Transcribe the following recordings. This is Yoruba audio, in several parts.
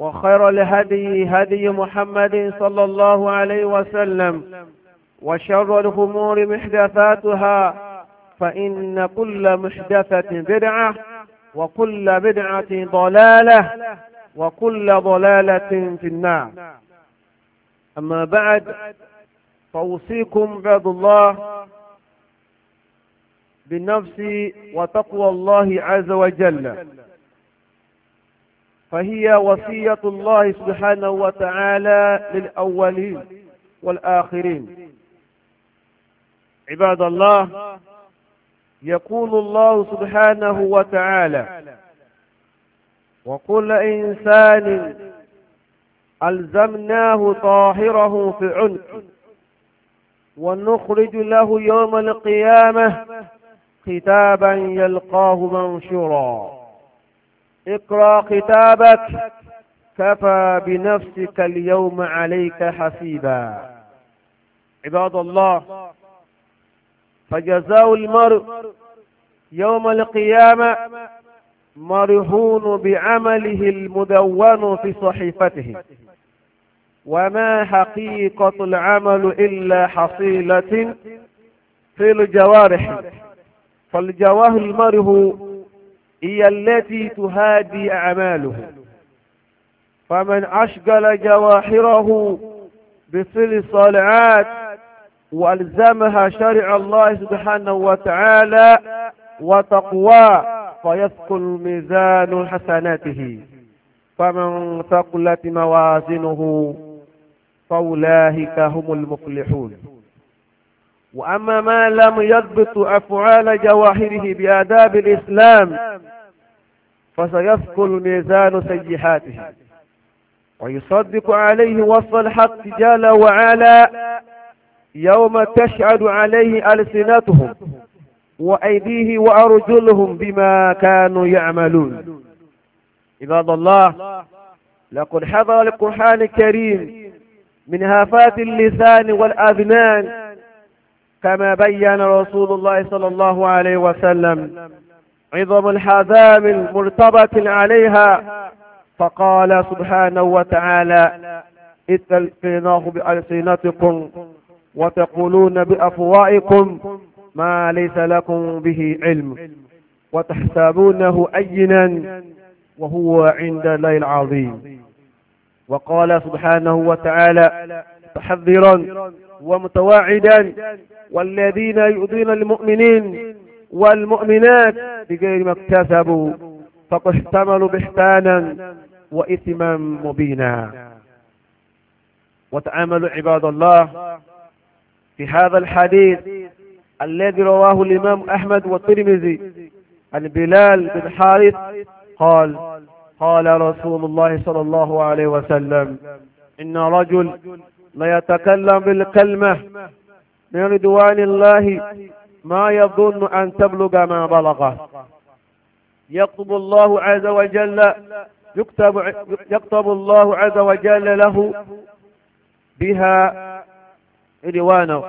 وخير الهدي هدي محمد صلى الله عليه وسلم وشر الأمور محدثاتها فإن كل محدثة بدعة وكل بدعة ضلالة وكل ضلالة في النار أما بعد فأوصيكم عباد الله بالنفس وتقوى الله عز وجل فهي وصية الله سبحانه وتعالى للأولين والآخرين عباد الله يقول الله سبحانه وتعالى وكل إنسان ألزمناه طاهره في عنق ونخرج له يوم القيامة كتابا يلقاه منشورا اقرأ كتابك كفى بنفسك اليوم عليك حسيبا عباد الله فجزاء المرء يوم القيامة مرهون بعمله المدون في صحيفته وما حقيقة العمل إلا حصيلة في الجوارح فالجواهر المره هي التي تهادي أعماله فمن أشغل جواحره بصل الصالعات وألزمها شرع الله سبحانه وتعالى وتقوى فيثقل ميزان حسناته فمن ثقلت موازنه فأولئك هم المفلحون وأما ما لم يضبط أفعال جواهره بآداب الإسلام فسيثقل ميزان سيحاته ويصدق عليه وصف الحق جل وعلا يوم تشعل عليه ألسنتهم وأيديه وأرجلهم بما كانوا يعملون عباد الله لقد حضر القرآن الكريم من هافات اللسان والأذنان كما بين رسول الله صلى الله عليه وسلم عظم الحذام المرتبة عليها فقال سبحانه وتعالى إذ تلقيناه بألسنتكم وتقولون بأفوائكم ما ليس لكم به علم وتحسبونه أينا وهو عند الله العظيم وقال سبحانه وتعالى محذرا ومتواعدا والذين يؤذون المؤمنين والمؤمنات بغير ما اكتسبوا فقد احتملوا بحتانا وإثما مبينا وتعاملوا عباد الله في هذا الحديث الذي رواه الإمام أحمد والترمذي عن بلال بن حارث قال قال رسول الله صلى الله عليه وسلم إن رجل ليتكلم بالكلمة من رضوان الله ما يظن أن تبلغ ما بلغه يكتب الله عز وجل يكتب, يكتب الله عز وجل له بها رضوانه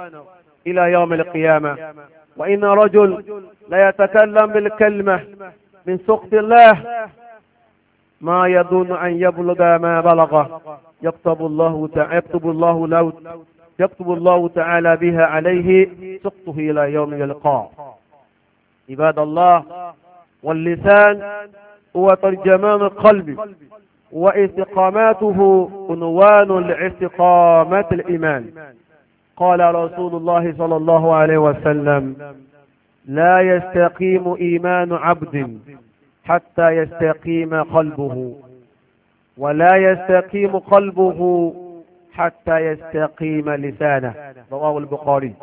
إلى يوم القيامة وإن رجل لا يتكلم بالكلمة من سخط الله ما يظن أن يبلغ ما بلغه يكتب الله تعالى يكتب الله له يكتب الله تعالى بها عليه سقطه إلى يوم يلقى عباد الله واللسان هو ترجمان القلب واستقاماته عنوان لاستقامة الإيمان قال رسول الله صلى الله عليه وسلم لا يستقيم إيمان عبد حتى يستقيم قلبه ولا يستقيم قلبه حتى يستقيم لسانه رواه البخاري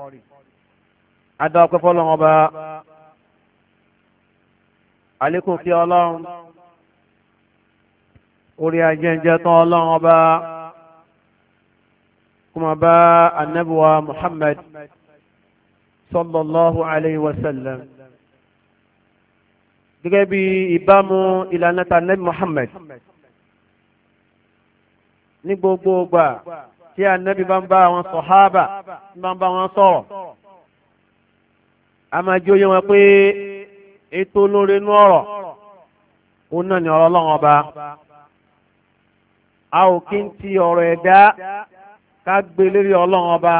ada ọpẹ́ fọ́lọ́run ọba àlékún fi Ọlọ́run orí ajẹjẹ tán Ọlọ́run ọba kuma bá anabiwa Muhammad sallallahu alayhi wa sallam gẹ́gẹ́ bí ìbámu ìlànà tànẹ́bí Muhammad ní gbogbo ọgbà tí ànẹ́bí bá ń bá àwọn sọ̀hábà tí bá ń bá wọn sọ̀rọ̀ a máa jóyé wọn pé ètò olóore inú ọ̀rọ̀ òun náà ni ọ̀rọ̀ ọlọ́run ọba a ò kí ń ti ọ̀rọ̀ ẹ̀dá ká gbé lérí ọlọ́run ọba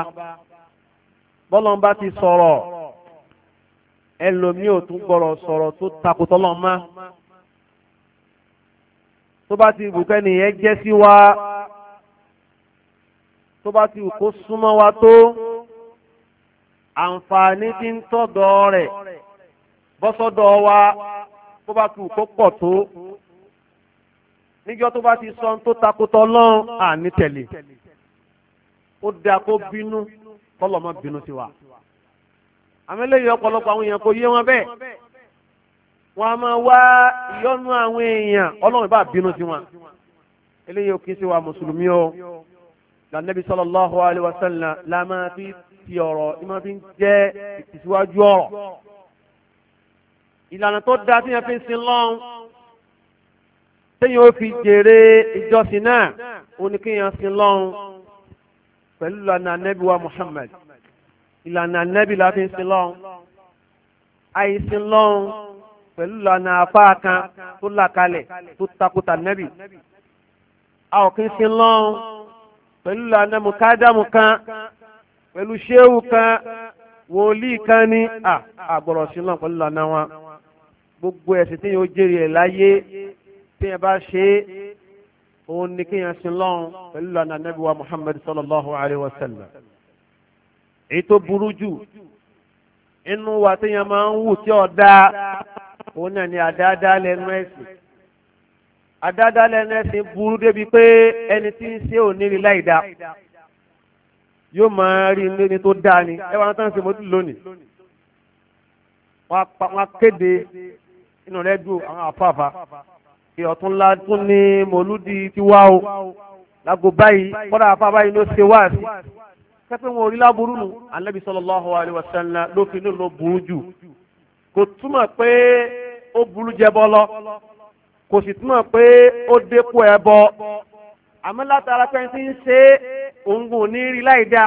bọ́lọ́n bá ti sọ̀rọ̀ ẹlòmíì ò tún gbọ́rọ̀ sọ̀rọ̀ tó takùtọ́ lọ mọ́ tó bá ti wù kẹ́nìyẹn jẹ́ sí wa tó bá ti wù kó súnmọ́ wa tó àǹfààní tí ń tọ́dọ̀ rẹ̀ bọ́sọ́dọ̀ wa bó bá ti kó pọ̀ tó níjọ́ tó bá ti sọ tó takùtọ́ àní tẹ̀lé ó dáa kó bínú kọ́lọ́mọ́ bínú sí wa àmọ́ eléyìí ọ̀pọ̀lọpọ̀ àwọn èèyàn kò yé wọn bẹ́ẹ̀ wọn a máa wá ìyọnu àwọn èèyàn ọlọ́run bá bínú sí wọn eléyìí ò kí ń wa mùsùlùmí o lànàbí sallallahu alaihi wasallam la máa fi ti ọ̀rọ̀ ni máa fi ń jẹ́ ìtìsíwájú ọ̀rọ̀ ìlànà tó dáa tí yẹn fi ń sin lọ́n téèyàn ó fi jèrè ìjọsìn náà ó ní kéèyàn sin lọ́n pẹ̀lú lànà ànábì wa Muhammad ìlànà nẹ́bí la fi ń sin lọ́hùn àìsìn lọ́hùn pẹ̀lú ìlànà apá kan tó là kalẹ̀ tó takùtà nẹ́bí a ò kí ń sin lọ́hùn pẹ̀lú ìlànà mùkádàmù kan pẹ̀lú ṣéwù kan wòlíì kan ní àgbọ̀rọ̀ sí lọ́hùn pẹ̀lú ìlànà wọn gbogbo ẹ̀sìn tí yóò jèrè ẹ̀ láyé tí yẹn bá ṣe é òun ni kí yẹn sin lọ́hùn pẹ̀lú ìlànà nẹ́bí wa Muhammad sallallahu alayhi wa sallam èyí tó burú jù inú wa téèyàn máa ń wù tí ọ̀dá òun náà ni àdáadáa lẹ́nu ẹ̀sìn àdáadáa lẹ́nu ẹ̀sìn burú débi pé ẹni tí ń ṣe òní rí láì dáa yóò máa rí ilé ni tó dáa ni ẹ wá tán ṣe mọ́tò lónìí wọ́n á kéde inú rẹ̀ dùn àwọn àfààfà kí ọ̀tún ńlá tún ní mòlúdi ti wá o lágbo báyìí kọ́dà àfààfà yìí ló ṣe wá sẹ́pẹ́ wọn orílẹ̀ aburú nù anabi sallallahu alayhi wa sallam ló fi nílò burú jù kò túmọ̀ pé ó burú jẹ bọ́ lọ kò sì túmọ̀ pé ó dépò ẹ bọ́ àmọ́ látara pé ń ti ń ṣe òǹgùn ní rí láì dá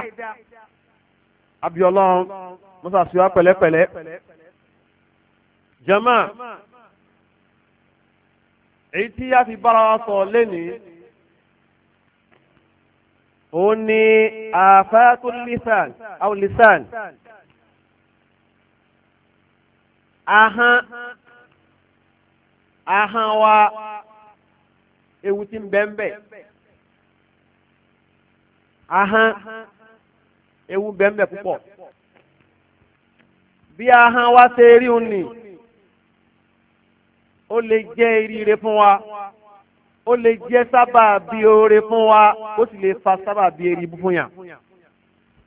abiola musa siwa pẹ̀lẹ́pẹ̀lẹ́ jama èyí tí a fi bára wa sọ lẹ́nìí òun ni àfáàtún lisan àwọn lisan ahán ahán wa ewu ti ń bẹ́ńbẹ́ ahán ewu bẹ́ńbẹ́ púpọ̀ bí ahán wa ṣe rí òun ni ó lè jẹ́ eríire fún wa ó lè jẹ́ sábà bí oore fún wa ó sì lè fa sábà bí eri ibú fún yàn.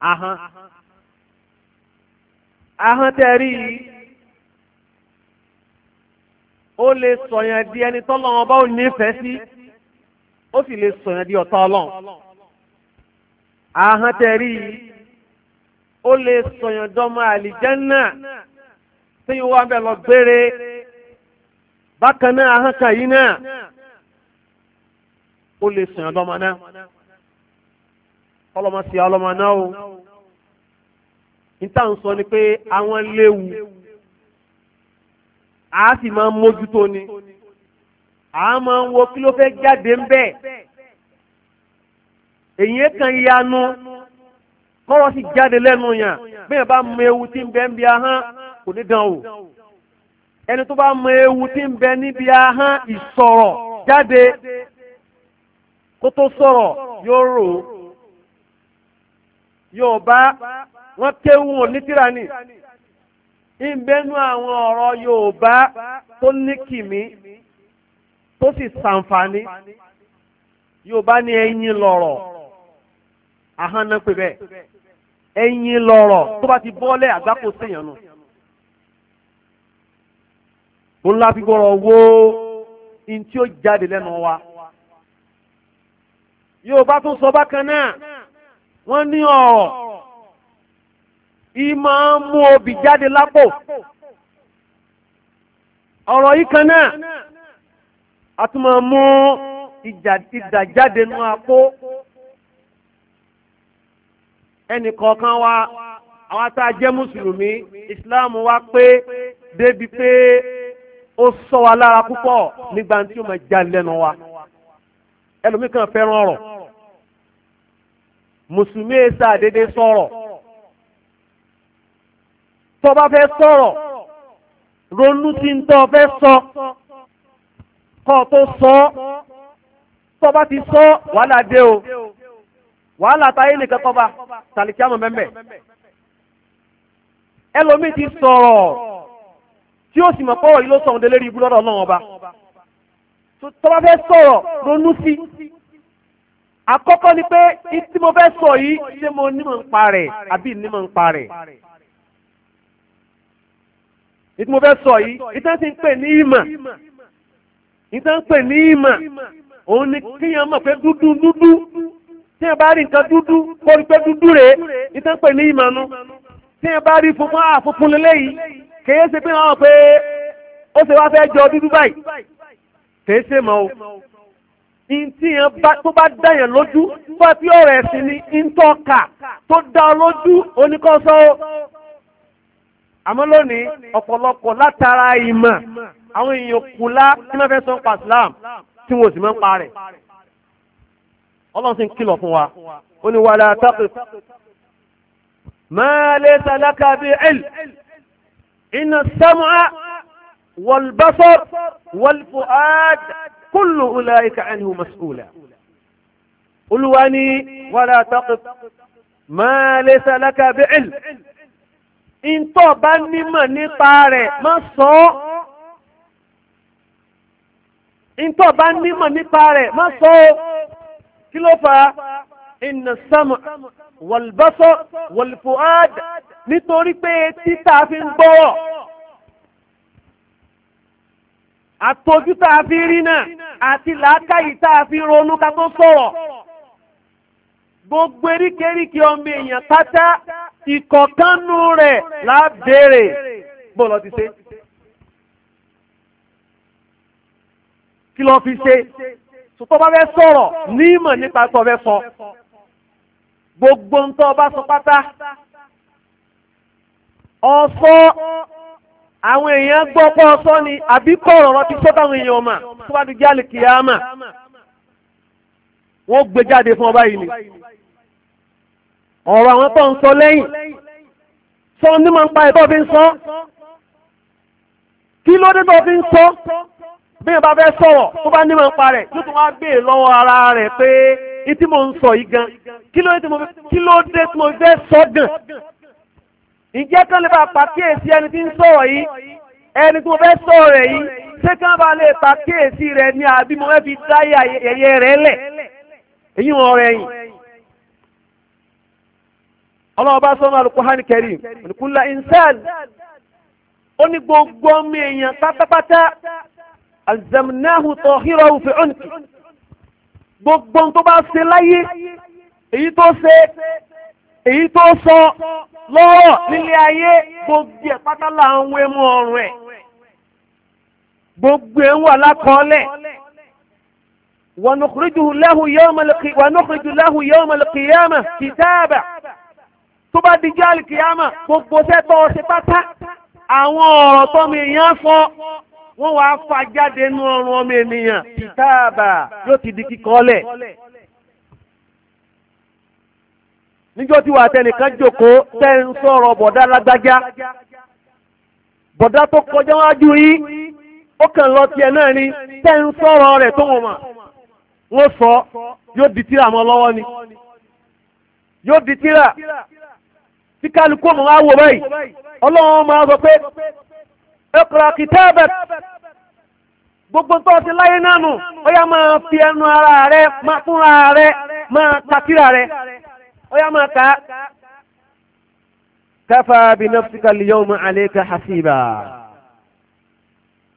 ahọ́n ahọ́n ó lè sọ̀yàn di ẹni tọ́lọ́wọ́n bá ò nífẹ̀ẹ́ sí ó sì lè sọ̀yàn di ọ̀tá ọlọ́run. ahọ́n tẹ́ rí i ó lè sọ̀yàn dọ́mọ àlìjánná tí yóò bẹ̀ lọ gbére bákan náà ahọ́n kan yìí náà ó lè sìn ọlọ́mọ náà ọlọ́mọ sí ọlọ́mọ náà o níta ń sọ ni pé àwọn léwu a sì máa ń mójútó ni a máa ń wo kí ló fẹ́ jáde ń bẹ́ẹ̀ èyí kan yanu kọ́wọ́ sì jáde lẹ́nu yàn bẹ́ẹ̀ bá mọ ewu tí ń bẹ níbi ahọ́n kò ní dán o ẹni tó bá mọ ewu tí ń bẹ níbi ahọ́n ìsọ̀rọ̀ jáde kó tó sọ̀rọ̀ yóò rò ó yóò bá wọn kéwù onítìrà ni ìbẹ́nu àwọn ọ̀rọ̀ Yorùbá tó ní kìmí tó sì sàǹfààní Yorùbá ní ẹyin lọ̀rọ̀ àhánà pé bẹ́ẹ̀ ẹyin lọ̀rọ̀ tó bá ti bọ́lẹ̀ àgbákò séèyàn nù. òun láti gbọ́rọ̀ wo ní ó jáde lẹ́nu wa. Yorùbá tún sọ bákan náà wọ́n ní ọ̀rọ̀ ìmọ̀ ń mú obì jáde lápò ọ̀rọ̀ yìí kan náà a tún máa mú ìdà jáde nú apó ẹnì kọ̀ọ̀kan wa àwọn tá a jẹ́ mùsùlùmí ìsìláàmù wa pé débi pé ó sọ wa lára púpọ̀ nígbà tí ó máa já wa ẹlòmíkan fẹ́ràn ọ̀rọ̀ mùsùlùmí ẹ̀sà dédé sọ̀rọ̀ tó bá fẹ́ sọ̀rọ̀ ronú tí ń tọ́ fẹ́ sọ kọ́ tó sọ tó bá ti sọ wàhálà dé o wàhálà táyé nìkan kọ́ tàlìkíámù mẹ́mẹ́ ẹlòmíì ti sọ̀rọ̀ tí ó sì mọ̀ pọ́wọ́ yìí ló sọ̀rọ̀ délé rí ọba tó bá fẹ́ ronú sí àkọ́kọ́ ni pé tí mo fẹ́ sọ yìí ṣé mo nímọ̀ ń pa rẹ̀ àbí nímọ̀ ń pa rẹ̀ ìtí mo fẹ́ sọ yìí ìtàn ti ń pè ní ìmọ̀ ìtàn ń pè ní ìmọ̀ òun ni kíyàn mọ̀ pé dúdú dúdú tí a bá rí nǹkan dúdú kó rí pé dúdú rèé ìtàn ń pè ní ìmọ̀ nu tí a bá rí funfun á ah, funfun lélẹ́yìí kèé ṣe pé wọ́n pé ó ṣe wá fẹ́ jọ dúdú báyìí kèé ṣe mọ́ o ntí yẹn bá tó bá dá yẹn lójú fún ẹbí ọ̀rọ̀ ẹ̀sìn ni ntọ́ka tó dá ọ lójú oníkọ́sọ́ o. àmọ́ lónìí ọ̀pọ̀lọpọ̀ látara ìmọ̀ àwọn èèyàn kùlá tí wọ́n fẹ́ sọ pa Islam tí wọ́n sì máa ń pa rẹ̀. ọlọ́run sì ń kìlọ̀ fún wa ó ní wàlá àtàkùn. ma laysa laka bi ilm inna as-sam'a wal كل أولئك عنه مسؤولا قل واني ولا تقف ما ليس لك بعلم إن طبني من طاري ما صو إن طبني من طاري ما صو كلفا إن السمع والبصر والفؤاد نتوري بيتي تافين بو àtọ́jú tá a fi rí náà àti làákàyè tá a fi ronú ká tó sọ̀rọ̀ gbogbo eríkèríkè ọmọ èèyàn pátá ìkọ̀kánú rẹ̀ lábèrè bó lọ ti ṣe kí lọ fi ṣe sọtọ́ bá fẹ́ sọ̀rọ̀ ní ìmọ̀ nípa tó fẹ́ sọ gbogbo ń tọ́ bá sọ pátá ọ̀sọ́ àwọn èèyàn gbọ́ pọ́ ọsọ́ ni àbí kọ̀rọ̀ ọ̀rọ̀ ti sọ́tà àwọn èèyàn ọmọ tó bá ti jáde kìyàmà wọ́n gbé jáde fún ọba yìí ni ọ̀rọ̀ àwọn tó ń sọ lẹ́yìn sọ ní máa ń pa ẹ̀tọ́ fi ń sọ kí ló dé tó fi ń sọ bí ẹ bá fẹ́ sọ̀rọ̀ tó bá ní máa ń pa rẹ̀ yóò tún wá gbé e lọ́wọ́ ara rẹ̀ pé ìtí mo ń sọ yìí gan kí ló dé tí mo fẹ́ sọ gan ìjẹ́ kan lè bá pàkíyèsí ẹni tí ń sọ̀rọ̀ yìí ẹni tí mo fẹ́ sọ̀rọ̀ rẹ̀ yìí ṣé kán bá lè pàkíyèsí rẹ̀ ni àbí mo fẹ́ fi dáyé ẹ̀yẹ rẹ̀ lẹ̀ èyí wọn rẹ̀ yìí. ọlọ́run bá sọ́nà Al-Qur'an Karim kullu insan ó ní gbogbo ọmọ èèyàn pátápátá alzamnahu tahirahu fi unqi gbogbo ohun tó bá ṣe láyé èyí tó ṣe èyí tó sọ lọ́rọ̀ nílé ayé gbogbo ẹ̀ pátá là ń wé mú ọrùn ẹ̀ gbogbo ẹ̀ ń wà lákọọ́lẹ̀ wọnùkúrìjù láhù yawma al-qiyamah kìtáàbà tó bá di jáàlì kìyàmà gbogbo sẹ́tọ̀ ọ̀sẹ̀ pátá àwọn ọ̀rọ̀ tọ́mọ èèyàn sọ wọ́n wàá fà jáde nú ọrùn ọmọ ènìyàn kìtáàbà yóò ti di kíkọ́lẹ̀ níjọ́ tí wàá tẹnìkan jókòó tẹ́ ń sọ̀rọ̀ bọ̀dá lágbájá bọ̀dá tó kọjá wájú yín ó kàn lọ tiẹ̀ náà ni tẹ́ ń sọ̀rọ̀ rẹ̀ tó wọ̀n mà wọ́n sọ yóò di tíra mọ́ lọ́wọ́ ni yóò di tíra tí kálukú mọ̀ á wò báyìí ọlọ́run máa sọ pé ẹ̀kọ́ra kìtẹ́ẹ̀bẹ̀ gbogbo tó ti láyé náà nù ó máa fi ẹnu ara rẹ̀ máa fúnra rẹ̀ máa ka tíra rẹ̀ ó yá máa ka kafa bi nafsika al-yawma alayka hasiba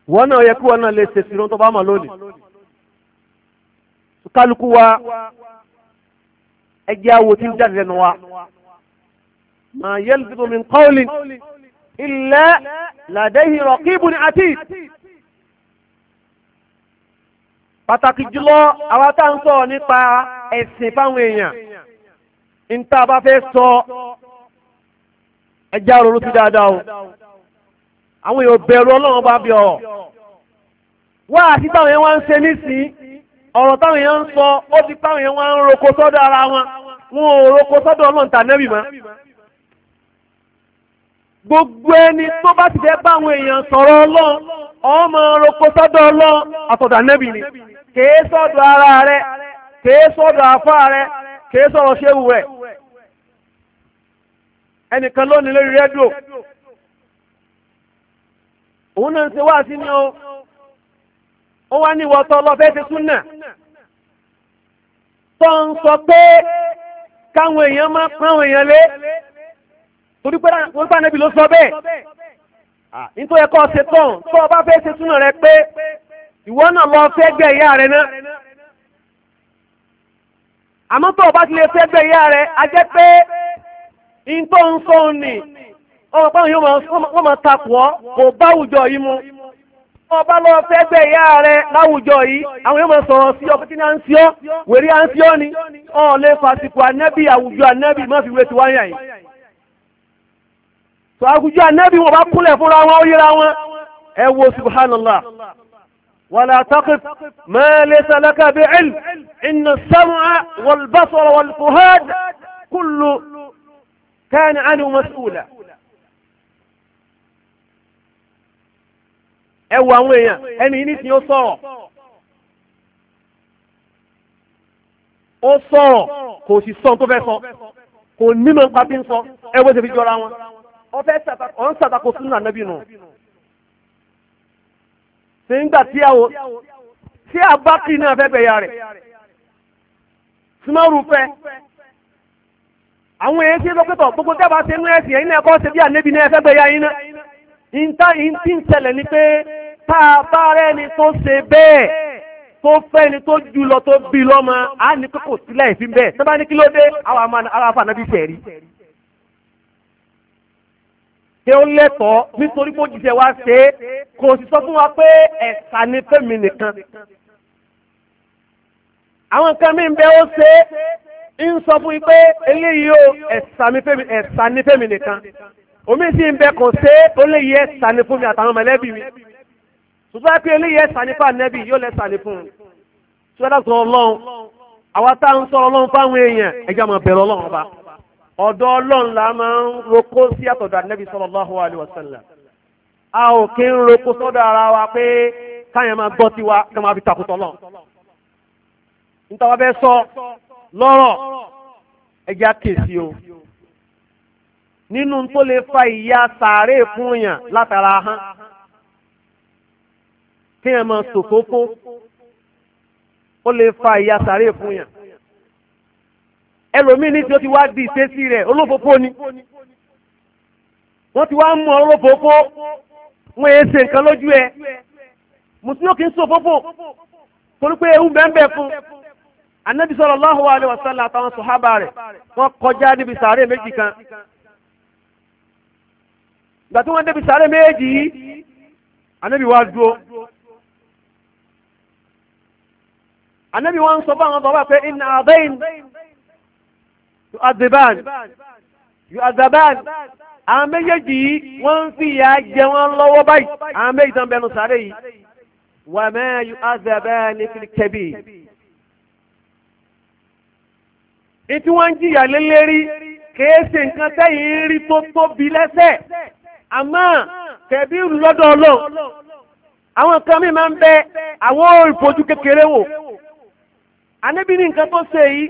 wọn náà yẹ kí wọn náà lè ṣèṣì lóhun tó bá mọ̀ lónìí kálukú wa ẹjẹ́ awo tí ń jáde lẹ́nu wa ma yalfizu min qawlin illa ladayhi raqibun atid pàtàkì jùlọ àwọn tá à nípa ẹ̀sìn fáwọn èèyàn níta bá fẹ́ sọ ẹjẹ́ ronú sí dáadáa o àwọn èèyàn bẹ̀rù ọlọ́run bá bí ọ wá àti táwọn yẹn wá ń ṣe nísìnyí ọ̀rọ̀ táwọn yẹn ń sọ ó ti táwọn yẹn wá ń roko sọ́dọ̀ ara wọn wọn ò roko sọ́dọ̀ ọlọ́run tànẹ́bì mọ́ gbogbo ẹni tó bá ti fẹ́ bá àwọn èèyàn sọ̀rọ̀ ọlọ́run ọmọ roko sọ́dọ̀ ọlọ́run àtọ̀dà nẹ́bì ni kèé sọ́dọ̀ ara rẹ kèé sọ́dọ̀ afá rẹ kèé sọ̀rọ̀ ṣéwù rẹ̀ ẹnìkan lónìí lórí rédíò òun náà ń ṣe wáàsí ni ó ó wá ní ìwọ tọ́ lọ́fẹ́ ṣe súnà tó ń sọ pé káwọn èèyàn máa pàwọn èèyàn lé torí pé ànábì ló sọ bẹ́ẹ̀ nítorí ẹ̀kọ́ ṣe tán tó o bá fẹ́ ṣe súnà rẹ pé ìwọ náà lọ fẹ́ gbẹ ìyá rẹ náà àmọ́ tó o bá ti lè fẹ́ gbẹ ìyá rẹ a jẹ́ pé ìntọ́ ń sọ òun ni ọmọ pàmò yóò wọ́n máa takùọ́ kò bá àwùjọ yìí mu ọba lọ fẹ́ gbẹ ìyá rẹ láwùjọ yìí àwọn yóò máa sọ̀rọ̀ sí ọkùnrin tí ní à ń sí ọ́ wèrè à ń sí ọ́ ni ọ̀n lè fàsìkò ànẹ́bí àwùjọ ànẹ́bí má fi wé tiwáyà yìí tó àwùjọ ànẹ́bí wọn bá kúnlẹ̀ fúnra wọn ó yíra wọn ẹ wo subhanallah ولا تقف ما ليس لك بعلم إن السمع والبصر والفهاد كل كان عنه مسؤولا ẹ wo àwọn èèyàn ẹni ní tí ó sọ̀rọ̀ ó sọ̀rọ̀ kò sì sọ tó fẹ́ sọ kò nímọ̀ nípa tí ń sọ ẹ wo ṣèbí jọra wọn ọ fẹ́ ọ̀n ṣàtàkó sínú ànábì nù. ṣé nígbà tí a wo tí a bá kí rẹ̀ tí wọ́n fẹ́ àwọn èyí tí lọ́pẹ́tọ̀ gbogbo dábàá ṣe nú ẹ̀sìn ẹ̀yìn ẹ̀kọ́ ṣe bí ànẹ́bí ní ẹ̀fẹ́ gbẹ̀yà yín náà ìta ìtí ń ṣẹlẹ̀ ni pé tá a bá rẹ́ ni tó ṣe bẹ́ẹ̀ tó fẹ́ ni tó jù lọ tó bí lọ́mọ á ní pé sílẹ̀ ìfín bẹ́ẹ̀ tó bá ní kí ló dé àwọn aráfà náà bí ṣẹ̀rí. ṣé ó lẹ́tọ̀ọ́ nítorí pé òjijì wa ṣe é kò sì sọ fún wa pé ẹ̀ka ni fẹ́mi nìkan. àwọn nǹkan mi ń sọ fún yín pé eléyìí ó ẹ̀sà ní fẹ́mi nìkan omi sì ń bẹ kàn ṣe eléyìí ẹ̀sà ní fún mi àtàwọn mọ̀lẹ́bí mi ṣùgbọ́n pé eléyìí ẹ̀sà ní fún ànẹ́bí yóò lẹ́sà ní fún un ṣùgbọ́n sọ ọlọ́run àwa tá à ń sọ ọlọ́run fáwọn èèyàn ẹjọ́ àmọ̀ bẹ̀rẹ̀ ọlọ́run ọba ọ̀dọ̀ ọlọ́run la máa ń roko sí àtọ̀dọ̀ ànẹ́bí sallallahu alaihi wasallam a ò kí ń roko sọ́dọ̀ ara wa pé káyọ̀ máa gbọ́ tiwa ká máa fi takùtọ̀ lọ. nítorí wọn bẹ sọ lọ́rọ̀ ẹja kèsì o nínú tó lè fa ìyà sàárè fún yàn látara hán kí yàn máa sòfófó ó lè fa ìyà sàárè fún yàn ẹlòmíín ní tí ó ti wá di ìṣesí rẹ̀ olófófó ni wọ́n ti wá mú olófófó wọ́n yẹn ṣe nǹkan lójú ẹ̀ mùsùlùmí kì í sòfófó torí pé ewu bẹ́ẹ̀ bẹ́ẹ̀ fún un anabi sallallahu alaihi wasallam àtàwọn sòhábà rẹ̀ wọ́n kọjá níbi sàárè méjì kan ìgbà tí wọ́n débi sàárè méjì yìí anabi wá dúró anabi wọ́n sọ báwọn bàbá pé inna adain yu adiban yu adaban àwọn méjèèjì yìí wọ́n ń fi ìyà jẹ wọ́n lọ́wọ́ báyìí àwọn méjì tán bẹnu sàárè yìí wà ma yu adabani fil ètí wọ́n ń jìyà lélẹ́rí kèése nǹkan tẹ́yìn ń rí tó tóbi lẹ́sẹ̀ àmọ́ tẹ̀bí lọ́dọ̀ ọlọ́run àwọn nǹkan mi máa ń bẹ àwọn ìfojú kékeré wò àníbi ní nǹkan tó ṣe yìí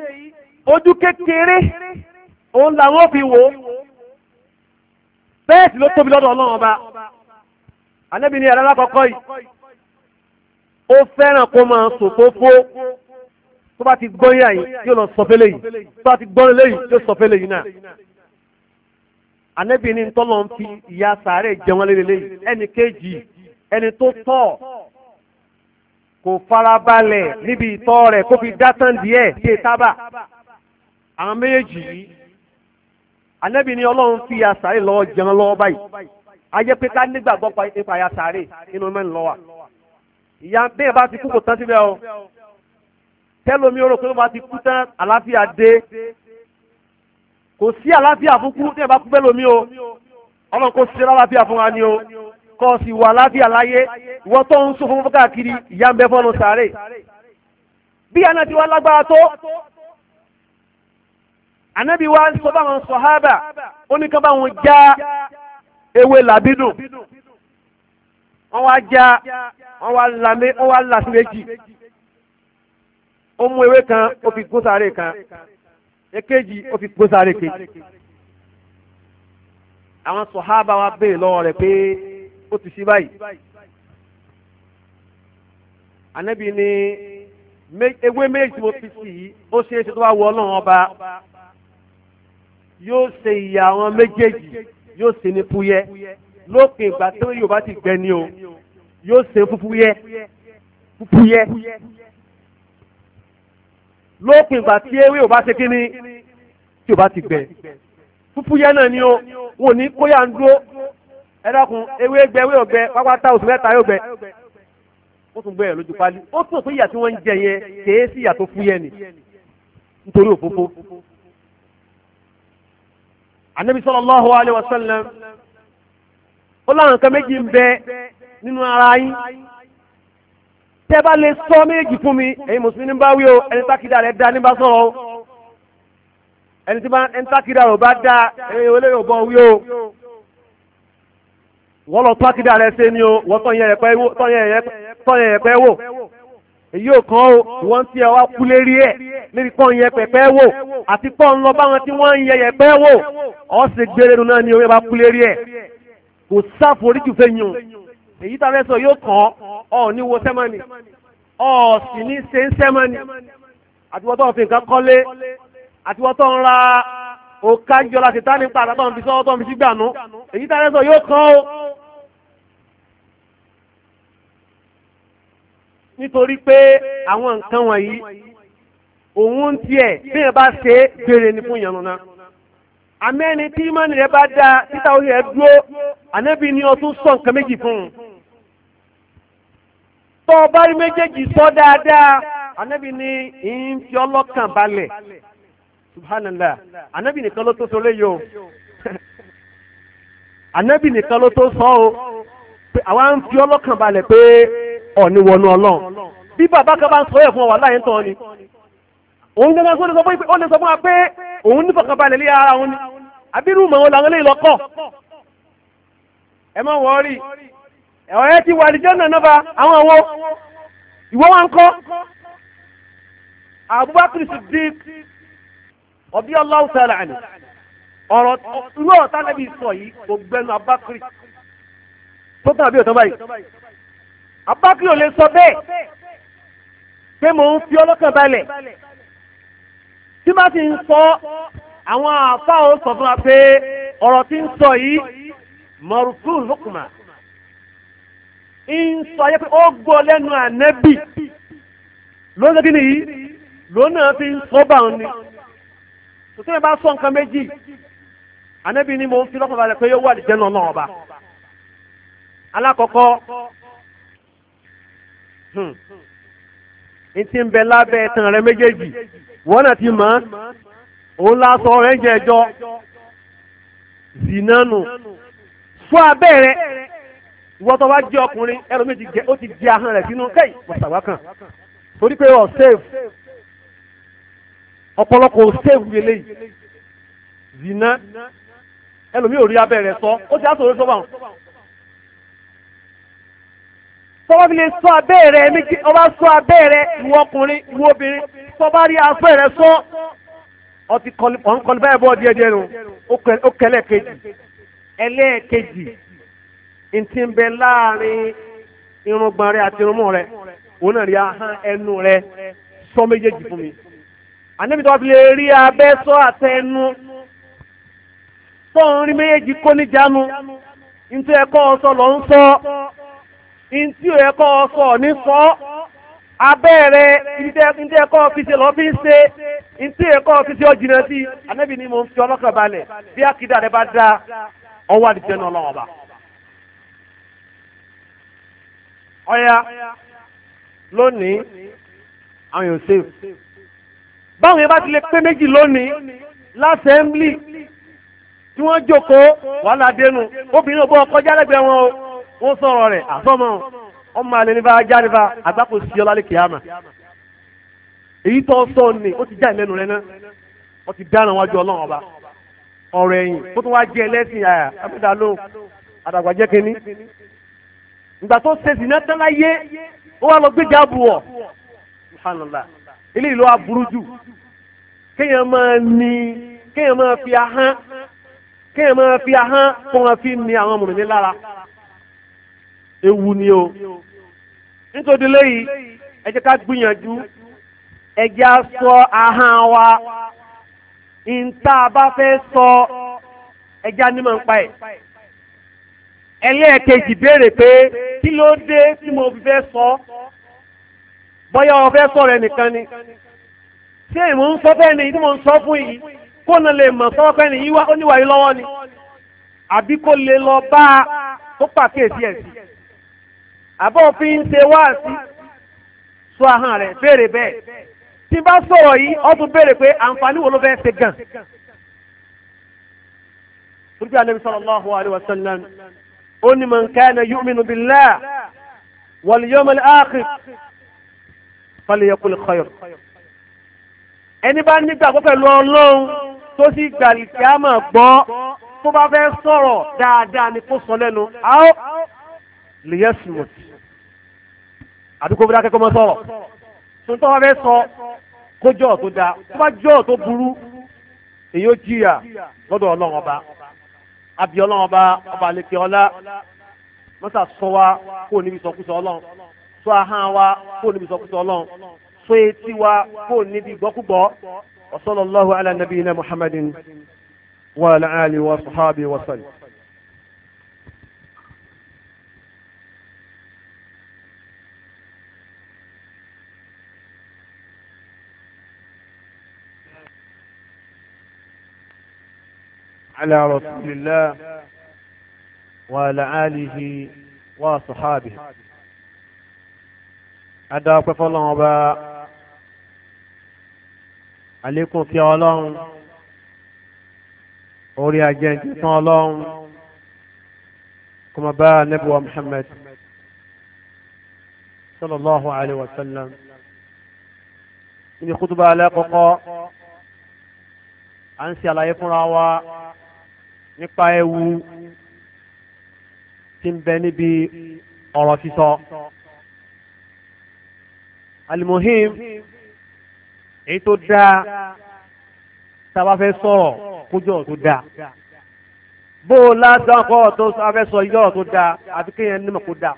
ojú kékeré òun làwọn fi wò ó bẹ́ẹ̀ sì ló tóbi lọ́dọ̀ ọlọ́run ọba àníbi ní ẹ̀rọ alákọ̀ọ́kọ́ yìí ó fẹ́ràn kó máa sòfófó tó bá ti gbọ́ yà yìí yóò lọ sọ fẹ́lẹ̀ yìí tó bá ti gbọ́ lẹ̀ yóò sọ fẹ́lẹ̀ yìí náà. ànẹ́bí ni tọ́lọ̀ ń fi ìyá sàárẹ̀ jẹun lélẹ̀ yìí ẹni kéjì ẹni tó tọ̀ kò farabalẹ̀ níbi ìtọ́ rẹ̀ kó fi dátán díẹ̀ bí tábà àwọn méjèèjì yìí ànẹ́bí ni ọlọ́run fi ìyá sàárẹ̀ lọ́wọ́ jẹun lọ́wọ́ báyìí ayé pé ká nígbàgbọ́ nípa ìyá sàárẹ̀ inú mẹ́rin lọ́wọ́ tẹ́lómi ó rò pé ó bá ti kú tán àlàáfíà dé kò sí àlàáfíà fún kú tí ẹ bá kú bẹ́lómi o ọlọ́run kò sí àlàáfíà fún wa ni o kò sì wà àlàáfíà láyé ìwọ́n tó ń sún fún fún káàkiri ìyá ń bẹ fọ́nù sàárè bí àná ti wá lágbára tó ànábi wa sọ báwọn sọ̀hábà ó ní ká báwọn já ewé làbídùn wọ́n wá já wọ́n wá la sí méjì ó mú ewé kan ó fi gún sáré kan èkejì ó fi gún sáré kejì àwọn sọ̀hábà wa béè lọ́wọ́ rẹ̀ pé ó ti ṣí báyìí ànábì ni ewé méjì tí mo fi sí yìí ó ṣeé ṣe tó bá wọ ọlọ́run ọba yóò ṣe ìyà àwọn méjèèjì yóò ṣe ní fúyẹ́ lópin ìgbà tó yóò bá ti gbẹ ni o yóò ṣe fúfúyẹ́ fúfúyẹ́. lópin ìgbà tí ewé ò bá ṣe kíní tí ò bá ti gbẹ fúfú yẹn náà ni ó wọn ní kóyà ń dúró ewé gbẹ ewé ọgbẹ pápátá oṣù mẹ́ta yóò gbẹ ó tún gbẹyàn lójú pálí yẹn kèé sí ìyà tó fú yẹn ni nítorí òfófó. ó láwọn nǹkan méjì ara yín tẹ́ bá lè sọ méjì fún mi ẹ̀yin mùsùlùmí bá wí o ẹni takida rẹ̀ dá ní bá sọ̀rọ̀ o ẹni tí bá ń tákìdá rẹ̀ bá dá ẹ̀yin olóyè ò bọ̀ wí o wọ́n lọ tákìdá rẹ̀ ṣe ni o wọ́n wo, yẹn yẹn pẹ́ wò èyí ò kàn ó wọ́n ti ẹ̀ wá kú lérí ẹ̀ níbi pọ́n yẹn pẹ̀pẹ́ wò àti pọ́n lọ báwọn tí wọ́n ń yẹ yẹ̀pẹ́ wò ọ́ sì gbére nu náà ni omi bá kú lérí ẹ̀ kò sáforíjì fẹ́ yùn èyí tá a sọ yóò kàn ọ́ ọ̀ ní wo sẹ́mọ́nì ọ̀ sì ní ṣe ń sẹ́mọ́nì àtiwọ́tọ̀ fi nǹkan kọ́lé àtiwọ́tọ̀ ń ra òkà jọ láti tá nípa àtàtọ̀ ń fi sọ́wọ́ tó ń fi sígbànú èyí tá lẹ́sọ̀ yóò kàn ó. nítorí pé àwọn nǹkan wọ̀nyí òun tiẹ̀ bí ẹ bá ṣe é béèrè ni fún ìyànnú náà àmẹ́ni tí ìmọ̀nì rẹ bá dáa títà orí rẹ dúró ànábì ni ọtún sọ nǹkan méjì fún un tọ́ ọ bá rí méjèèjì sọ dáadáa anábì ní ń fi ọlọ́kàn balẹ̀ subhanallah anábì nìkan ló tó sọ léyìí o anábì nìkan ló tó sọ o pé àwa ń fi ọlọ́kàn balẹ̀ pé ọ̀ni wọnú ọlọ́run bí bàbá kan bá ń sọ ẹ̀ fún ọ wà láyé ń ni òun gbọ́dọ̀ sọ fún ọ lè sọ fún wa pé òun ní fọkànbalẹ̀ lé ara òun ni àbírú wọn làwọn eléyìí lọ́kọ̀ ẹ má wọ́ọ́rì ẹ̀wọ̀n ẹ ti wà àlìjọ́nà náà bá àwọn ọ̀wọ́ ìwọ wa ń kọ́ Abubakar Siddiq ọbí Allahu ta'ala àná ọ̀rọ̀ irú ọ̀tá lẹ́bi sọ yìí kò gbẹnu Abubakar tó tàn àbí ọ̀tán báyìí Abubakar ò lè sọ bẹ́ẹ̀ pé mò ń fi ọlọ́kàn balẹ̀ tí bá ti ń sọ àwọn àfáà ó sọ fún wa pé ọ̀rọ̀ tí ń sọ yìí mọ̀rùfún lókùnmá ń sọ ayé pé ó gbọ́ lẹ́nu ànẹ́bì ló ń sọ kíni yìí lòun náà fi ń sọ bá òun ni tòtí ẹ bá sọ nǹkan méjì ànẹ́bì ni mo ń fi lọ́kàn balẹ̀ pé yóò wà lè jẹ́nu ọ̀nà ọ̀ba alákọ̀ọ́kọ́ hmm, n ti ń bẹ lábẹ́ ẹ̀tàn rẹ méjèèjì wọ́n náà ti mọ̀ ọ́n lásọ rẹ̀ jẹ́ ẹjọ́ zinanu fún abẹ́rẹ́ ìwọ tó wá jẹ́ ọkùnrin ẹlòmíì ti jẹ ó ti di ahọ́n rẹ̀ sínú kẹ́yì mọ̀tàwá kan torí pé ọ̀ save ọ̀pọ̀lọpọ̀ ò save lélẹ̀ yìí zina ẹlòmíì ò rí abẹ́rẹ́ sọ ó ti á sọ̀rọ̀ sọ́wọ́n. tọ́wọ́ fi lè sọ abẹ́rẹ́ méjì ọba sọ abẹ́rẹ́ ìwọ ọkùnrin ìwọ obìnrin tọ́ba rí afẹ́rẹ́ sọ ọtí ọ̀nkọ́ni báyìí bọ́ọ̀ díẹ̀díẹ̀ nù ó kẹlẹ̀ kejì ẹlẹ́ẹ̀kejì ntí ń bẹ láàrin irùngbọ̀n rẹ àti irunmú rẹ òun náà rí ẹnu rẹ sọ méjèèjì fún mi ànábi tó fi lè rí abẹ́ sọ àtẹ ẹnu rí méjèèjì kó níjàánu ntí ẹ̀kọ́ lọ ń sọ ntí ẹ̀kọ́ ọ̀sọ̀ ní sọ abẹ́ rẹ ntí ẹ̀kọ́ ọ̀fíìsì lọ́ fi ń ṣe ntí ẹ̀kọ́ ọ̀fíìsì ọ̀jìnà sí ni mo ń fi ọlọ́kàn balẹ̀ bí akídà rẹ bá ọ̀yà lónìí àwọn èèyàn save báwọn yẹn bá ti lè pé méjì lónìí lásẹ̀mblì tí wọ́n jókòó wàhálà dénú obìnrin ò bọ́ kọjá lẹ́gbẹ̀ẹ́ wọn o wọ́n sọ̀rọ̀ rẹ̀ àfọ́mọ́ ọmọ àlè nípa ajá nípa àgbákò sí ọlá lẹ́kẹ̀ẹ́ àmà èyí tó sọ ni ó ti já ìlẹ́nu rẹ náà ó ti dáná wájú ọlọ́run ọba ọ̀rọ̀ ẹ̀yìn ó tún wá jẹ́ ẹlẹ́sìn àyà abẹ́dàlóhùn àdàgbàjẹ́ ìgbà tó ṣe zìnà tán láyé ó wá lọ gbéjà bù ọ subhanallah ilé ìlú aburú jù kéèyàn máa ní kéèyàn máa fi ahán kéèyàn máa fi ahán kó wọn fi ní àwọn mùmìnì lára ewu ni o nítorí lẹ́yìn ẹ jẹ́ ká gbìyànjú ẹ jẹ́ á sọ ahán wa ìta bá fẹ́ sọ ẹ jẹ́ á nímọ̀ nípa ẹ̀. ẹlẹ́ẹ̀kejì béèrè pé kí ló dé tí mo fẹ́ sọ bóyá o sọ rẹ nìkan ni ṣé ìmọ̀ ń sọ fẹ́ ni tí mo ń sọ fún yìí kó na lè mọ̀ sọ́wọ́ fẹ́ ni yíwá oníwàyí lọ́wọ́ ni àbí kó lè lọ bá a tó pàkíyèsí ẹ̀ sí àbọ̀ òfin ń ṣe wá sí sọ ahọ́n rẹ̀ béèrè bẹ́ẹ̀ tí bá sọ̀rọ̀ yìí ó tún béèrè pé àǹfààní wo ló fẹ́ ṣe gan. Turbi Anabi sallallahu alaihi wa sallam ó ní man kana yu'minu billah wal yawmil akhir falyaqul khayr ẹni bá nígbàgbọ́ pẹ̀lú ọlọ́run tó sì gbàlìkíámà gbọ́ tó bá fẹ́ sọ̀rọ̀ dáadáa ni kó sọ lẹ́nu áó liyasmut àdúgbò bí dákẹ́kọ̀ọ́ mọ́ sọ̀rọ̀ tuntun bá fẹ́ sọ kójọ́ tó dáa tó bá jọ́ tó burú èyí ó jìyà lọ́dọ̀ ọlọ́run ọba àbí ọlọ́run ọba ọba àlekè ọlá mọ́tà sọ wa kó níbi sọkúsọ ọlọ́run sọ ahọ́n wa kó níbi sọkúsọ ọlọ́run sọ etí wa kó níbi gbọ́kúgbọ́ wa sallallahu ala nabiyina muhammadin wa ala alihi wa sahbihi wa sallam. على رسول الله وعلى آله وصحابه أدعى الله وبا عليكم في الله orí agẹ́ntì tán ọlọ́run kọmọ bá nẹ́bùwà Muhammad sallallahu alaihi wasallam níbi kútùbà alákọ̀ọ́kọ́ a ń ṣe àlàyé fúnra wa nípa ewu tí ń bẹ níbi ọ̀rọ̀ sísọ. alimohim èyí tó dáa tá a bá fẹ́ sọ̀rọ̀ kójú ọ̀rọ̀ tó dáa bó o lásán kọ́ ọ̀rọ̀ tó a fẹ́ sọ yíyọ̀ tó dáa àti kéèyàn nímọ̀ kó dáa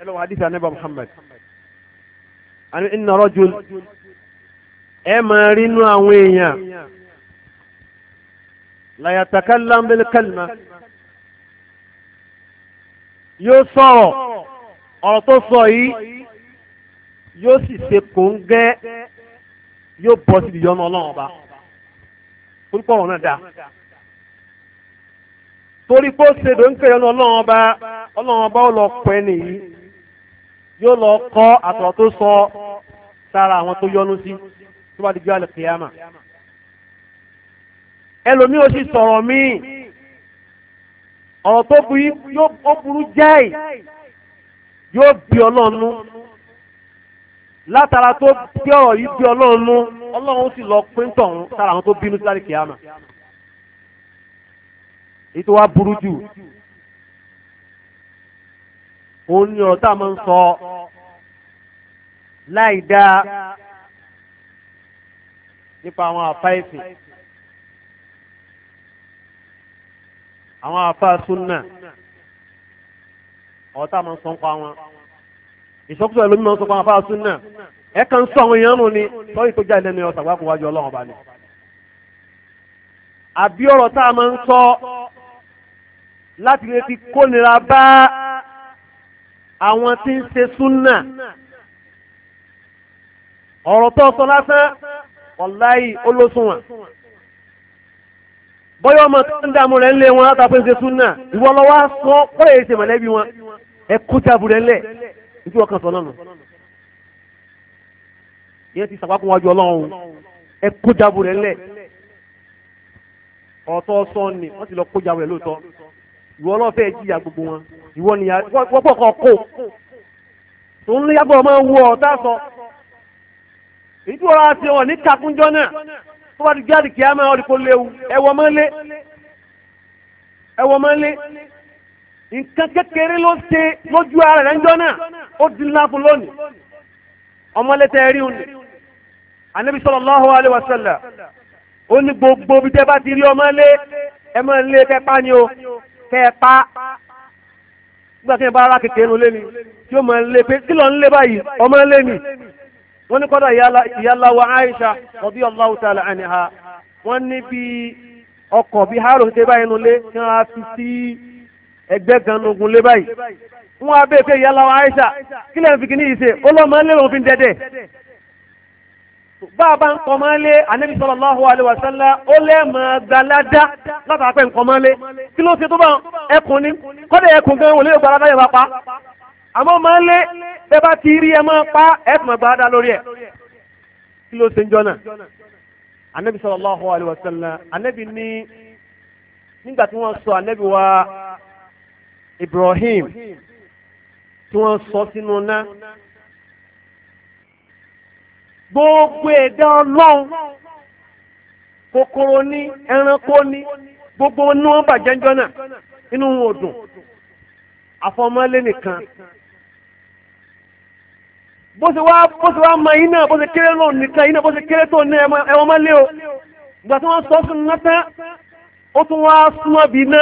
ẹ lọ́wọ́ hadith anabi muhammad àni inna rajul ẹ máa rí inú àwọn èèyàn. لا يتكلم بالكلمة، kalima yóò sọ̀rọ̀ ọ̀rọ̀ يبصي sọ yìí yóò sì ṣe kòńgẹ́ yóò bọ́ sí ìyọnu ọlọ́run ọba orúkọ ọ̀rọ̀ náà dáa torí pé ó ṣe dòńkè ìyọnu ọlọ́run ọba ọlọ́run ọba lọ pẹ́ nìyí yóò lọ kọ́ àtọ̀rọ̀ tó sọ sára àwọn tó yọnu sí tó bá di gbé àlè kìyàmà ẹlòmíì ó sì sọ̀rọ̀ míì ọ̀rọ̀ tó burú yóò burú jáì yóò bí ọlọ́nu látara tó bí ọ̀rọ̀ yìí bí ọlọ́nu ọlọ́run sì lọ pín tọ̀hún sára àwọn tó bínú sáré kìámà èyí tó wá burú jù òun ni ọ̀rọ̀ tá a máa ń sọ láì dáa nípa àwọn àfáìsìn. àwọn àfáà súnà ọ̀tá máa ń sọ ń pa wọn ìṣọ́kùsọ̀ ẹ̀lómi máa ń sọ pa àwọn àfáà súnà ẹ kàn ń sọ àwọn èèyàn nù ni sọ́yìn tó jáde lẹ́nu ọ̀tà wákùn wájú ọlọ́run ọba ni. àbí ọ̀rọ̀ tá a máa ń sọ láti lè fi kónira bá àwọn tí ń ṣe súnà ọ̀rọ̀ tó sọ lásán ọ̀láyì olóṣùwọ̀n bọ́yọ́ ọmọ tó ń dààmú rẹ̀ ńlẹ̀ wọn látàpé ṣe súnà ìwọ lọ́wọ́ sọ kọ́lẹ̀ èsì mọ̀lẹ́bí wọn ẹ kú tábù rẹ̀ ńlẹ̀ nítorí ọkàn sọ lọ́nà ìyẹn ti sàpákùn wájú ọlọ́run ẹ kú tábù rẹ̀ ńlẹ̀ ọ̀tọ̀ sọ ni wọ́n ti lọ kó jáwé lóòótọ́ ìwọ ọlọ́fẹ́ jìyà gbogbo wọn ìwọ nìyà wọ́pọ̀ kọ́ kó tó ń lé yàgbọ́ ọmọ wọ ọ̀tá sọ ìdúrà ti wọn ní kakúnjọ náà tó bá ti jáde kí á máa ọdí kó léwu ẹwọ máa lé ẹwọ máa lé nǹkan kékeré ló ṣe lójú ara rẹ̀ ńjọ́ náà ó di ńlá fún lónìí ọmọlẹ́tẹ̀ rí òní anabi sallallahu alaihi wasallam ó ní gbogbo bí tẹ́ bá ti rí ọmọ lé ẹ máa lé kẹpa ni o kẹpa pa, tí ẹ bá ara kékeré lé ni tí ó máa lé pé kí ló ń lé báyìí ọmọ lé ni wọ́n ní kọ́dà ìyálà wa Aisha radiyallahu ta'ala anha wọ́n ní bí ọkọ̀ bí haro ṣe báyìí nulẹ̀ kí wọ́n á fi sí ẹgbẹ́ kan ogun lé báyìí wọ́n á bẹ́ẹ̀ pé ìyálà wa Aisha kí lẹ́yìn fi kìíní yìí ṣe ó lọ́ọ́ máa ń lé òun fi bá a bá ń kọmọ́lé ànábì sallallahu alaihi wa sallam ó lẹ́ẹ̀mọ́ gbalada látàpẹ́ ń kọmọ́lé kí ló ṣe tó bá ẹkùn ni kọ́dẹ̀ ẹkùn gan-an wò yẹn bá pa àmọ́ máa ń lé bẹ́ẹ̀ ti rí ẹ pa ẹ̀ tún ọgbà dá lórí ẹ̀ kí ló ṣe ń jọ náà anabi sallallahu alayhi wa sallam anabi ní nígbà tí wọ́n sọ anabi wa Ibrahim tí wọ́n sọ sínú náà gbogbo ẹ̀dá ọlọ́run kòkòrò ní ẹranko ní gbogbo ní wọ́n bàjẹ́ ń jọ náà inú wọn ò dùn àfọmọ́lé nìkan bó ṣe wá bó ṣe wá ma iná bó ṣe kéré lọ nìkan iná bó ṣe kéré tó ní ẹwọ́n má lé o ìgbà tí wọ́n sọ fún iná tán ó tún wá súnmọ́ bí iná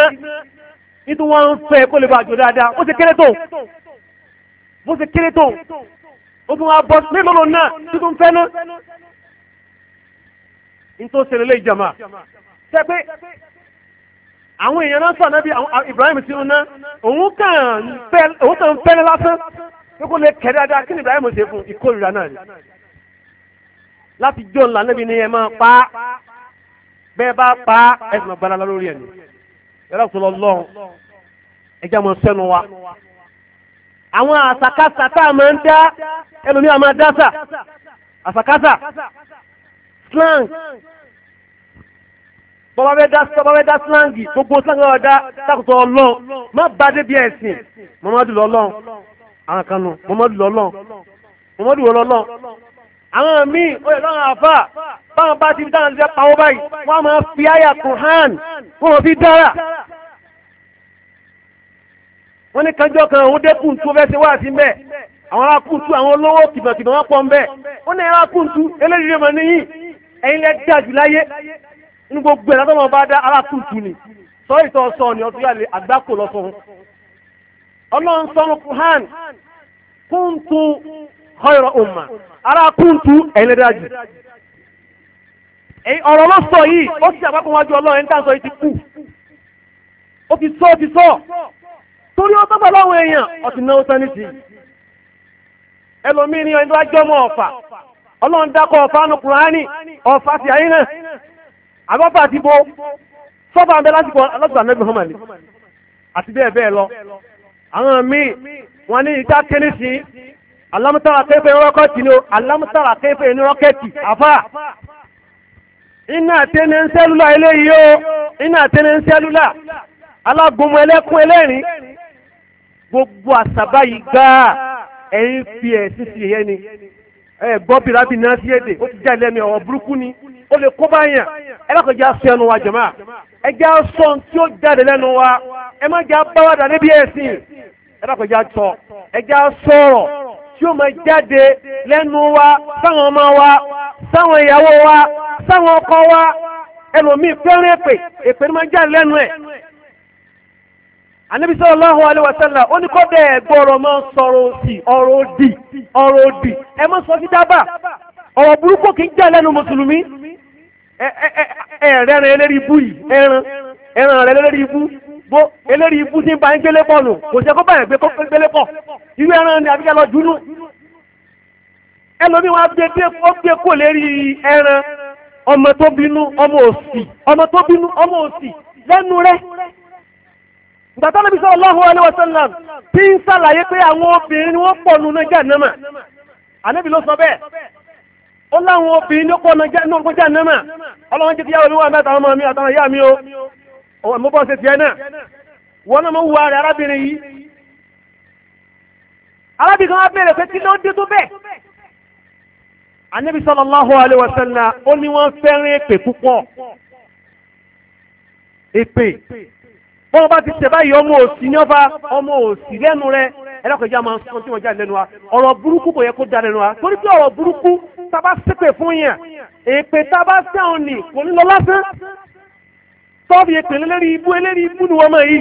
nítorí wọ́n ń fẹ́ kó lè bá àjò dáadáa bó ṣe kéré tó bó ṣe kéré tó ó tún wá bọ́ sí lọ́lọ́ náà tó fẹ́ náà ní ṣe lélẹ́ ìjàmà ṣe pé àwọn èèyàn náà sọ náà bí Ibrahim ti ń ná òun kàn ń fẹ́ lásán pé kó lè kẹ́ dáadáa kí ni Ibrahim ṣe fún ìkórìíra náà ni láti jó ńlá níbi ni ẹ máa pa á bẹ́ẹ̀ bá pa á ẹ̀sìn ọ̀gbára lórí ẹ̀ ni ẹ̀rọ sọ̀rọ̀ lọ́hùn ẹ̀jẹ̀ mọ̀ sẹ́nu wa. àwọn àṣàkáṣà tá a máa ń dá ẹlòmíà máa dá sà àṣàkáṣà slang bọ́bá bẹ́ dá bọ́bá bẹ́ dá slang gbogbo slang ọ̀dá tákùtọ̀ ọlọ́run má bá débi ẹ̀sìn mọ́mọ́dù lọ́lọ́run àwọn kan nù mọ́mọ́dù lọ́lọ́ mọ́mọ́dù lọ́lọ́ àwọn míì ó yẹ lọ́rùn àfà báwọn bá ti fi dáhùn ṣe pawọ́ báyìí wọ́n máa fi àyà kùhán wọ́n máa fi dára wọ́n ní kanjọ́ kan òun dé kùntù fẹ́ ṣe wá sí mbẹ́ àwọn ará kùntù àwọn olówó kìbọ̀kìbọ̀ wọn pọ̀ mbẹ́ wọ́n ní ará kùntù eléyìí mọ̀ níyì ẹ̀yin lẹ́ dájú láyé ní gbogbo ẹ̀ látọ̀ mọ̀ bá dá ará kùntù ni sọ ìtọ̀ sọ ni ọtún yà lè àgbákò lọ sọ fún ọlọ́run nsọ Qur'an kúntù khayra umma ara kúntù ẹ̀lẹ́dájì ọ̀rọ̀ ló sọ yìí ó ti àpapọ̀ wájú ọlọ́run ẹni tá ti kú ó ti torí ó tọ́gbà láwọn èèyàn ọ̀tí náà sẹ́nìtì ẹlòmíì ọ̀yìn tó ajọ́ mọ́ ọ̀fà ọlọ́run dákọ̀ ọ̀fà ọ̀fà ayé náà àti bo sọ́fà lásìkò àwọn míì wọ́n ní ìta kéré sí alámútàrà kéfè rọ́kọ̀tì ni o alámútàrà kéfè ní rọ́kẹ̀tì àfà iná tẹ́ni ń sẹ́lúlà eléyìí o iná tẹ́ni ń sẹ́lúlà alágúnmu ẹlẹ́kún ẹlẹ́rìn gbogbo àṣàbá yìí gbáà ẹ̀yìn fi ẹ̀sìn sí ẹ̀yẹ ni ẹ gbọ́ bìràbì náà sí èdè ó ti já ilé mi ọ̀rọ̀ burúkú ni ó lè kó báyàn ẹ bá kò já sọ ẹnu wa jàmáà ẹ já sọ tí ó jáde lẹ́nu wa ẹ má já báwádà níbi ẹ̀sìn ẹ̀dàkọ̀ ẹja tọ̀ ẹja sọ̀rọ̀ tí ó máa jáde lẹ́nu wa sáwọn ọmọ wa sáwọn ìyàwó wa sáwọn ọkọ wa ẹlòmíì fẹ́ràn èpè èpè ni máa jáde lẹ́nu ẹ̀ anabi sallallahu alaihi wasallam ó ní kó bẹ́ẹ̀ gbọ́rọ̀ máa sọ̀rọ̀ òsì ọ̀rọ̀ òdì ọ̀rọ̀ òdì ẹ má sọ sí dábà ọ̀rọ̀ burúkú kì í jẹ́ lẹ́nu mùsùlùmí ẹ̀ẹ́rẹ́rẹ́ lérí ibú yìí ẹran ẹran rẹ̀ lérí ibú gbó eléri ibú tí ń ba ń gbélé pọ̀ nù kò ṣe kó bẹ̀rẹ̀ gbé kó gbélé pọ̀ irú ẹran ni àbíkẹ́ lọ dúnú ẹlòmíì wọn gbé ó gbé kó lérí ẹran ọmọ tó bínú ọmọ òsì ọmọ tó bínú ọmọ òsì lẹ́nu rẹ̀ gbàtà nàbí sallallahu alaihi wasallam tí ń sàlàyé pé àwọn obìnrin ni wọ́n pọ̀ nù náà jàǹnàmà ànábì ló sọ bẹ́ẹ̀ ó láwọn obìnrin ló pọ̀ nù náà jàǹnàmà ọlọ́run jẹ́ kí yàwó mi wà mẹ́ta ọmọ mi àtàwọn ìyá mi o ọwọ́ mú bọ́ọ̀sì tiẹ̀ náà wọ́n náà mú wu ara arábìnrin yìí arábìnrin kan wá béèrè pé kí ló dé tó bẹ́ẹ̀ anabi sallallahu alayhi wa sallam ó ní wọ́n fẹ́ràn èpè púpọ̀ èpè bọ́n bá ti tẹ̀ báyìí ọmọ òsì ní ọba ọmọ òsì lẹ́nu rẹ ẹlẹ́kọ̀ọ́jà máa ń sọ tí wọ́n jáde lẹ́nu wa ọ̀rọ̀ burúkú kò yẹ kó da lẹ́nu wa torí pé ọ̀rọ̀ burúkú tá a bá ṣépè fún yàn èpè tá a bá sẹ́wọ̀n nì kò ní lọ lásán tọ́ọ̀fì èpèlé lérí ibú eléri ibú ni wọ́n mọ̀ yìí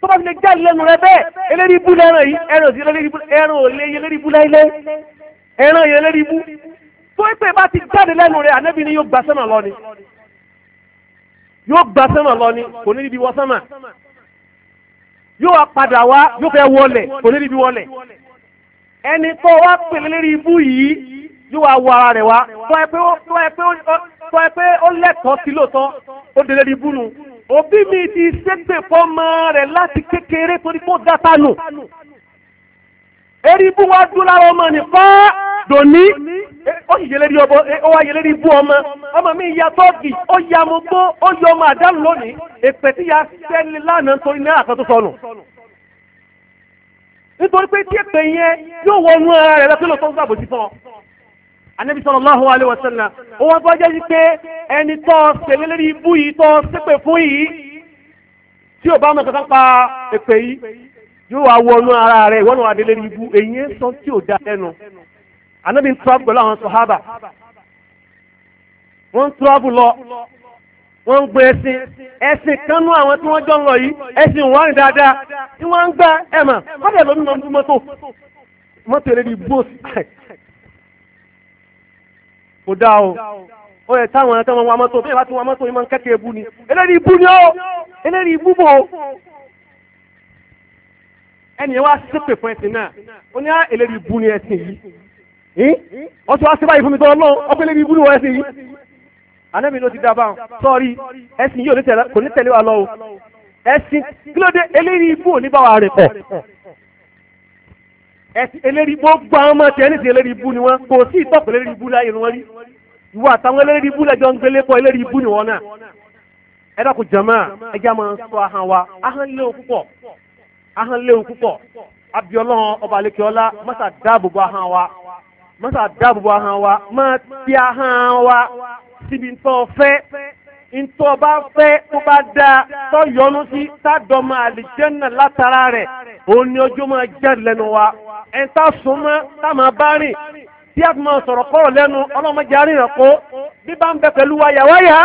tó bá fi lè jáde lẹ́nu rẹ bẹ́ẹ̀ eléri ibú lẹ́ràn yìí ẹran òsì ẹran òlé eléri ibú láílé ẹran yẹn eléri ibú tó èpè bá ti jáde lẹ́nu rẹ ànábì ni yóò gba sẹ́mà lọ ni yóò gba sẹ́mà lọ ni kò ní ibi wọ sẹ́mà yóò padà wá yóò fẹ́ wọlé kò ní ibi wọlé ẹni tó wá pèlè lérí ibú yìí yóò wá wọ ara rẹ̀ wá tó ẹ pé ó tó ẹ pé ó lẹ́tọ̀ọ́ sí lóòótọ́ ó délé rí búnu òbí mi ti ṣépè fọ́mọ rẹ̀ láti kékeré torí kó dáta nù eri bú wá dúró lára ọmọ ní fá dòní e, ó sì yẹlẹ́rí ọbọ e, ó wá yẹlẹ́rí bú ọmọ ọmọ mi ya tọ́ọ̀gì ó ya mo gbó ó yọ ọmọ àdánù lónìí èpè tí ya sẹ́ni lánàá torí náírà kan tó sọnù nítorí pé tí èpè yẹn yóò wọnú ara rẹ̀ lọ́sọ̀lọ́sọ̀ ń gbàgbọ́ sí fún ọ anabi sallallahu alayhi wa sallam ó wá bọ́jẹ́ sí pé ẹni tó ṣẹlẹ̀ lórí ibú yìí tó ṣépè fún yìí tí ò bá mọ̀ kankan pa èpè yìí yóò wá wọnú ara rẹ̀ ìwọ́nù adé lórí ibú èyí ń sọ tí ò da lẹ́nu anabi ń tọ́bù pẹ̀lú àwọn sọ̀hábà wọ́n ń tọ́bù lọ wọ́n ń gbé ẹsìn ẹsìn kanú àwọn tí wọ́n jọ ń lọ yìí ẹsìn wọ́n rìn dáadáa tí wọ́n ń gbá ẹ̀mà kọ́dẹ̀ lómi mọ́tò mọ́tò eré ibi bóòsì kò dá o ó yẹ táwọn ẹ̀tọ́ wọn wa mọ́tò bẹ́ẹ̀ bá tún wa mọ́tò yìí máa ń kẹ́kẹ́ ibú ni eléyìí ibú ni ó eléyìí ibú bò ẹnìyẹn wá ṣépè fún ẹsìn náà ó ní eléyìí ibú ni ẹsìn yìí wọ́n ti, wá sí báyìí fún mi tọ́ lọ́wọ́ ọkọ̀ eléyìí ibú ni wọ́n ẹsìn yìí ànábì ló ti dá báwọn sọ́ọ̀rí ẹsìn yìí kò ní tẹ̀lé wa lọ́wọ́ ẹsìn kí eléyìí ibú ò ní báwa rẹ̀ pọ̀ ẹ̀sìn eléri gbogbo àwọn ọmọ tẹ̀ nísìnyí eléri ibú ni wọ́n kò sí ìtọ́pọ̀ eléri la láyé wọn rí ìwọ àtàwọn eléri ibú lẹ́jọ́ ń gbélé pọ̀ eléri ibú ni wọ́n náà ẹ dákun jàmá ẹjẹ́ máa ń sọ ahọ́n wa ahọ́n léwu púpọ̀ ahọ́n léwu púpọ̀ abiọlọ́n ọba alekiola mọ́sà dáàbòbò ahọ́n wa mọ́sà dáàbòbò ahọ́n wa máa ti ahọ́n wa síbi tó fẹ́ ntọ́ bá fẹ́ tó bá dáa tó yọnu sí sádọ́mọ àlìjẹ́nà látara rẹ̀ òun ni ojú máa jẹ́ lẹ́nu wa ẹ̀ tá súnmọ́ tá máa bá rìn tí a tún máa sọ̀rọ̀ kọ́rọ̀ lẹ́nu ọlọ́mọdé arìnrìn kó bí bá ń bẹ pẹ̀lú wa yàwáyà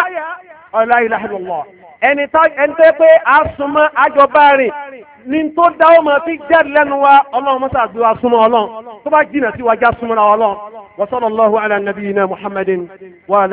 ọ̀la ilaha illallah ẹni tó yẹ pé a súnmọ́ àjọba rìn ní tó dá ó máa fi jẹ́ lẹ́nu wa ọlọ́run mọ́sá wa súnmọ́ ọlọ́run tó